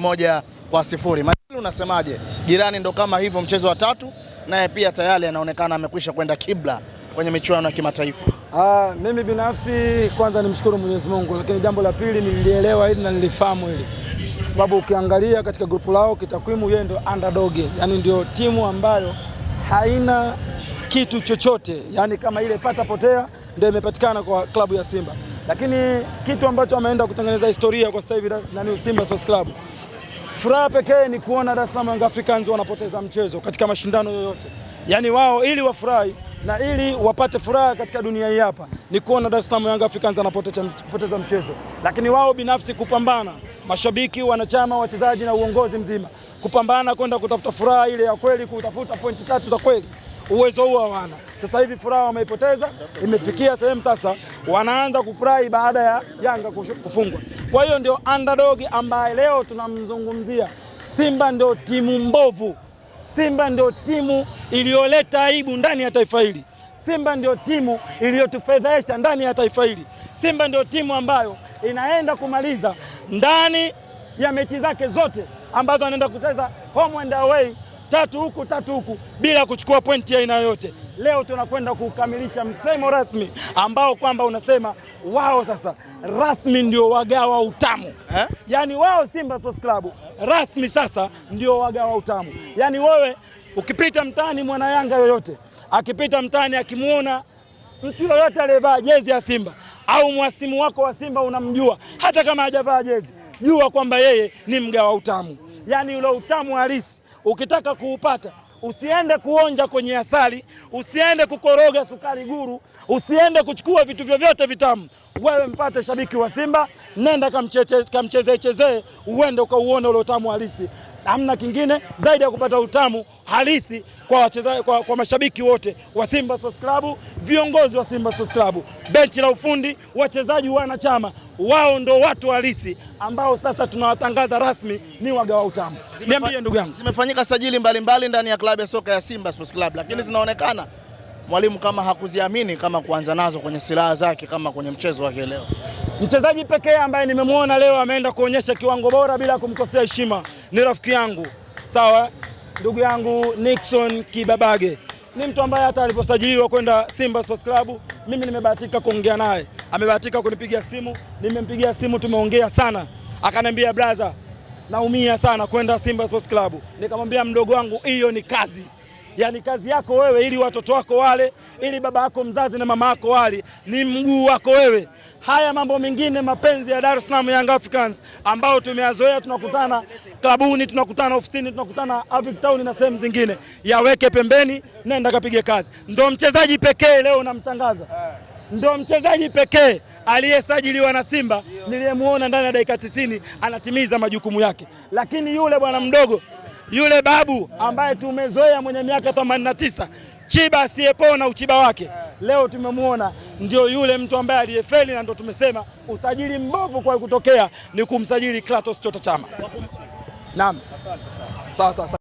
moja kwa sifuri. Majali, unasemaje? Jirani ndo kama hivyo, mchezo wa tatu naye pia tayari anaonekana amekwisha kwenda kibla kwenye michuano ya kimataifa. Ah, mimi binafsi kwanza nimshukuru Mwenyezi Mungu, lakini jambo la pili nilielewa hili na nilifahamu hili sababu ukiangalia katika grupu lao kitakwimu, yeye ndio underdog, yani ndio timu ambayo haina kitu chochote, yani kama ile pata potea ndio imepatikana kwa klabu ya Simba, lakini kitu ambacho ameenda kutengeneza historia kwa sasa hivi nani Simba Sports Club Furaha pekee ni kuona Dar es Salaam Young Africans wanapoteza mchezo katika mashindano yoyote, yaani wao ili wafurahi na ili wapate furaha katika dunia hii hapa ni kuona Dar es Salaam Young Africans anapoteza mchezo, lakini wao binafsi kupambana, mashabiki, wanachama, wachezaji na uongozi mzima kupambana kwenda kutafuta furaha ile ya kweli, kutafuta pointi tatu za kweli uwezo huo hawana. Sasa hivi furaha wameipoteza, imefikia sehemu sasa wanaanza kufurahi baada ya Yanga kufungwa. Kwa hiyo ndio underdog ambaye leo tunamzungumzia. Simba ndio timu mbovu, Simba ndio timu iliyoleta aibu ndani ya taifa hili, Simba ndio timu iliyotufedhesha ndani ya taifa hili, Simba ndio timu ambayo inaenda kumaliza ndani ya mechi zake zote ambazo anaenda kucheza home and away tatu huku tatu huku bila kuchukua pointi aina yoyote. Leo tunakwenda kukamilisha msemo rasmi ambao kwamba unasema wao sasa rasmi ndio wagawa utamu eh? Yani wao Simba Sports Club rasmi sasa ndio wagawa utamu, yani wewe ukipita mtaani mwana Yanga yoyote akipita mtaani akimwona mtu yoyote aliyevaa jezi ya Simba au mwasimu wako wa Simba unamjua hata kama hajavaa jezi, jua kwamba yeye ni mgawa utamu yani ule utamu halisi ukitaka kuupata usiende kuonja kwenye asali, usiende kukoroga sukari guru, usiende kuchukua vitu vyovyote vitamu. Wewe mpate shabiki wa Simba, nenda kamchezee chezee, uende ukauone ule utamu halisi. Hamna kingine zaidi ya kupata utamu halisi kwa, wacheza, kwa, kwa mashabiki wote wa Simba Sports Club, viongozi wa Simba Sports Club, benchi la ufundi, wachezaji, wanachama wao ndo watu halisi ambao sasa tunawatangaza rasmi ni wagawa utamu. Niambie ndugu yangu, zimefanyika sajili mbalimbali ndani ya klabu ya soka ya Simba Sports Club, lakini zinaonekana mwalimu kama hakuziamini kama kuanza nazo kwenye silaha zake kama kwenye mchezo wake leo. Mchezaji pekee ambaye nimemwona leo ameenda kuonyesha kiwango bora bila kumkosea heshima ni rafiki yangu, sawa, ndugu yangu Nixon Kibabage. Ni mtu ambaye hata aliposajiliwa kwenda Simba Sports Club, mimi nimebahatika kuongea naye amebahatika kunipigia simu, nimempigia simu, tumeongea sana, akaniambia brother, naumia sana kwenda Simba Sports Club. Nikamwambia mdogo wangu, hiyo ni kazi yaani kazi yako wewe, ili watoto wako wale, ili baba yako mzazi na mama yako wale, ni mguu wako wewe. Haya mambo mengine, mapenzi ya Dar es Salaam Young Africans ambayo tumeyazoea, tunakutana klabuni, tunakutana ofisini, tunakutana Avic Town na sehemu zingine, yaweke pembeni, nenda kapige kazi. Ndo mchezaji pekee leo namtangaza ndo mchezaji pekee aliyesajiliwa na Simba niliyemwona ndani ya dakika tisini anatimiza majukumu yake, lakini yule bwana mdogo yule babu ambaye tumezoea mwenye miaka 89 Chiba asiyepona uchiba wake leo tumemwona, ndio yule mtu ambaye aliyefeli, na ndio tumesema usajili mbovu kwa kutokea ni kumsajili Kratos Chota Chama. Naam, sawa sawa.